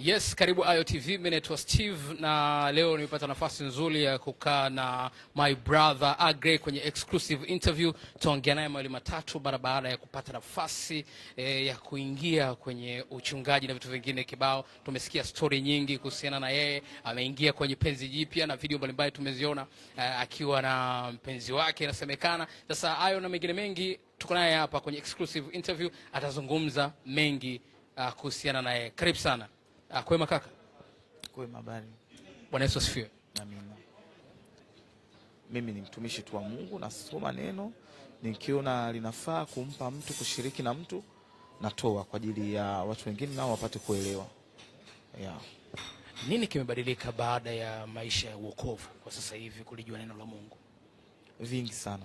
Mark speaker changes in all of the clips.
Speaker 1: Yes, karibu Ayo TV. Mimi naitwa Steve na leo nimepata nafasi nzuri ya kukaa na my brother Agre kwenye exclusive interview. Tutaongea naye mawili matatu mara baada ya kupata nafasi eh, ya kuingia kwenye uchungaji na vitu vingine kibao. Tumesikia story nyingi kuhusiana na yeye, ameingia kwenye penzi jipya na video mbalimbali tumeziona eh, akiwa na mpenzi wake inasemekana. Sasa Ayo na mengine mengi tuko naye hapa kwenye exclusive interview, atazungumza mengi eh, kuhusiana naye. Karibu sana. Ah, kwema kaka. Kwema bali. Bwana Yesu asifiwe.
Speaker 2: Amina. Mimi ni mtumishi tu wa Mungu, nasoma neno nikiona linafaa kumpa mtu kushiriki na mtu natoa kwa ajili ya watu wengine nao wapate kuelewa. Yeah.
Speaker 1: Nini kimebadilika baada ya maisha ya uokovu kwa sasa hivi kulijua neno la Mungu?
Speaker 2: Vingi sana,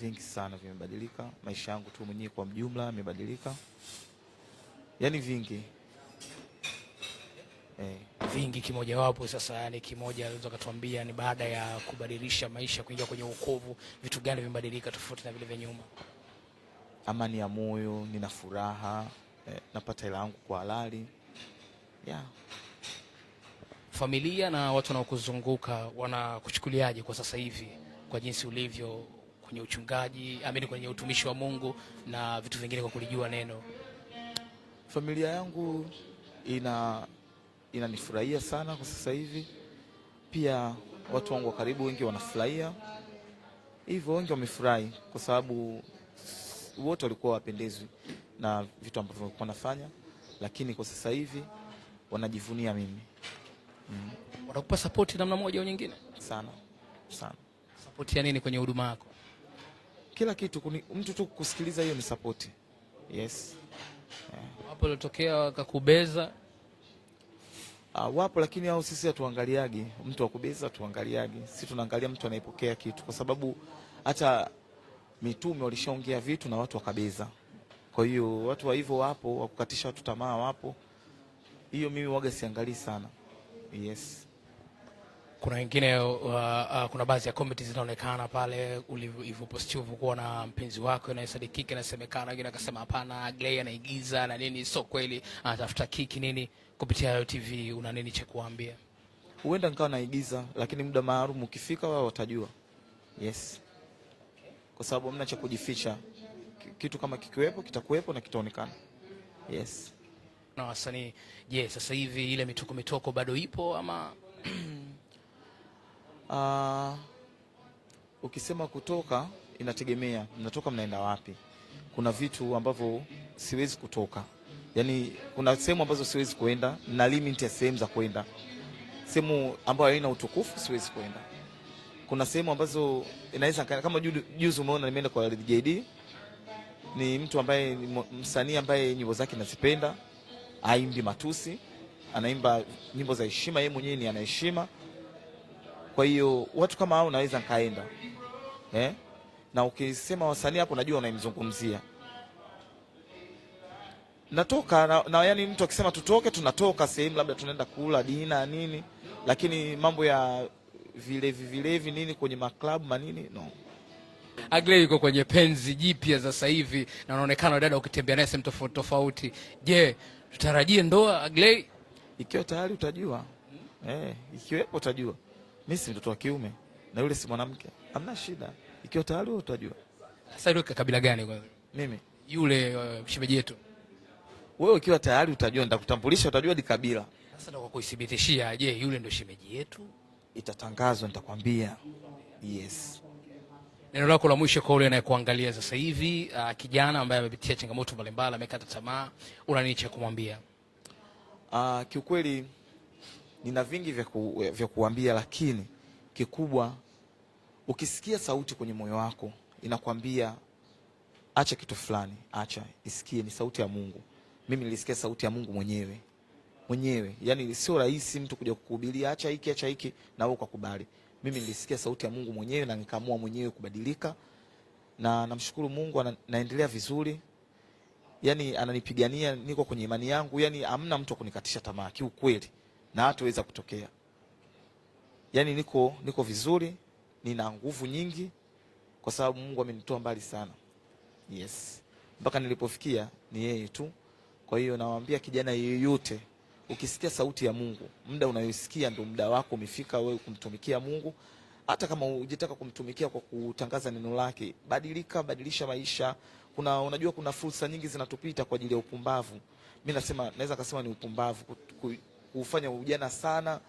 Speaker 2: vingi sana vimebadilika. Maisha yangu tu mwenyewe kwa mjumla yamebadilika, yaani vingi
Speaker 1: Eh, vingi kimojawapo sasa, yani kimoja anaweza kutuambia ni baada ya kubadilisha maisha kuingia kwenye wokovu, vitu gani vimebadilika tofauti na vile vya nyuma?
Speaker 2: Amani ya moyo, nina furaha eh, napata hela yangu kwa halali yeah.
Speaker 1: Familia na watu wanaokuzunguka wanakuchukuliaje kwa sasa hivi kwa jinsi ulivyo kwenye uchungaji, amini kwenye utumishi wa Mungu na vitu vingine kwa kulijua neno?
Speaker 2: Familia yangu ina inanifurahia sana kwa sasa hivi. Pia watu wangu wa karibu wengi wanafurahia hivyo, wengi wamefurahi kwa sababu wote walikuwa wapendezwi na vitu ambavyo nilikuwa nafanya, lakini kwa sasa hivi wanajivunia mimi
Speaker 1: mm. Wanakupa support namna moja au nyingine?
Speaker 2: Sana sana.
Speaker 1: Support ya nini kwenye huduma yako?
Speaker 2: Kila kitu kuni, mtu tu kusikiliza, hiyo ni support. Yes,
Speaker 1: hapo Ilitokea kakubeza
Speaker 2: Uh, wapo lakini au sisi hatuangaliagi mtu wa kubeza, tuangaliagi sisi tunaangalia mtu anayepokea kitu, kwa sababu hata mitume walishaongea vitu na watu wakabeza. Kwa hiyo watu wa hivyo wapo, wakukatisha watu tamaa wapo. Hiyo mimi waga siangalii sana. Yes
Speaker 1: kuna wengine uh, uh, kuna baadhi ya comments zinaonekana pale ulivyoposti ulivyokuwa na mpenzi wako inayosadikika inasemekana, wengine akasema hapana, Gray anaigiza na nini, sio kweli, anatafuta kiki nini. Kupitia Ayo TV una nini cha kuambia?
Speaker 2: Huenda nikawa naigiza, lakini muda maalum ukifika wao watajua. Yes, kwa sababu mna cha kujificha, kitu kama kikiwepo kitakuwepo na kitaonekana. Yes.
Speaker 1: Na wasanii je, sasa hivi ile mitoko mitoko bado ipo ama
Speaker 2: Uh, ukisema kutoka inategemea mnatoka mnaenda wapi. Kuna vitu ambavyo siwezi kutoka, yani kuna sehemu ambazo siwezi kuenda na limit ya sehemu za kwenda, sehemu ambayo haina utukufu siwezi kuenda. Kuna sehemu ambazo inaweza kama juzi umeona nimeenda kwa JD, ni mtu ambaye msanii ambaye nyimbo zake nazipenda, aimbi matusi, anaimba nyimbo za heshima, yeye mwenyewe ni anaheshima kwa hiyo watu kama hao naweza nkaenda eh? na ukisema wasanii hapo najua unaimzungumzia natoka na, na yani mtu akisema tutoke tunatoka sehemu labda tunaenda kula dina nini, lakini mambo ya vilevi vilevi nini kwenye maklabu manini no.
Speaker 1: Agley yuko kwenye penzi jipya sasa hivi na unaonekana dada, ukitembea naye sehemu tofauti tofauti. Je, tutarajie ndoa Agley?
Speaker 2: Ikiwa tayari utajua hmm. Eh, ikiwepo utajua mimi si mtoto wa kiume na yule si mwanamke, hamna shida. Ikiwa tayari wewe utajua.
Speaker 1: Sasa yule kabila gani kwanza? Mimi yule uh, shemeji yetu.
Speaker 2: Wewe ikiwa tayari utajua, nitakutambulisha, utajua ni kabila.
Speaker 1: Sasa ndio kwa kuithibitishia, je, yule ndio shemeji yetu?
Speaker 2: Itatangazwa, nitakwambia. Yes.
Speaker 1: Neno lako la mwisho kwa yule anayekuangalia sasa hivi, uh, kijana ambaye amepitia changamoto mbalimbali, amekata tamaa, una nini cha kumwambia?
Speaker 2: Uh, kiukweli nina vingi vya, ku, vya kuambia, lakini kikubwa ukisikia sauti kwenye moyo wako inakwambia acha kitu fulani, acha. Isikie, ni sauti ya Mungu. Mimi nilisikia sauti ya Mungu mwenyewe mwenyewe, yani sio rahisi mtu kuja kukuhubiria acha hiki, acha hiki na wewe ukakubali. Mimi nilisikia sauti ya Mungu mwenyewe na nikaamua mwenyewe kubadilika, na namshukuru Mungu na, naendelea vizuri yani ananipigania, niko kwenye imani yangu, yani amna mtu kunikatisha tamaa kiukweli na hatuweza kutokea. Yaani niko, niko vizuri, nina nguvu nyingi kwa sababu Mungu amenitoa mbali sana. Yes, mpaka nilipofikia ni yeye tu. Kwa hiyo nawaambia kijana yeyote, ukisikia sauti ya Mungu, muda unayosikia ndio muda wako umefika wewe kumtumikia Mungu. Hata kama hujitaka kumtumikia kwa kutangaza neno lake, badilika, badilisha maisha. Kuna unajua, kuna fursa nyingi zinatupita kwa ajili ya upumbavu. Mimi nasema naweza kusema ni upumbavu kufanya ujana sana.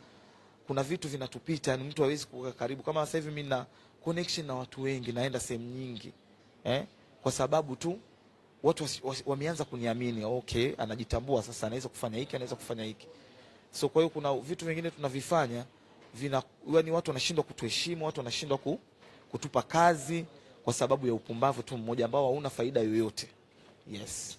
Speaker 2: Kuna vitu vinatupita, yani mtu hawezi kuwa karibu. Kama sasa hivi mimi na connection na watu wengi, naenda sehemu nyingi eh, kwa sababu tu watu wameanza kuniamini, okay, anajitambua sasa, anaweza kufanya hiki, anaweza kufanya hiki. So kwa hiyo kuna vitu vingine tunavifanya vina, yani watu wanashindwa kutuheshimu, watu wanashindwa ku, kutupa kazi kwa sababu ya upumbavu tu mmoja ambao hauna faida yoyote. Yes.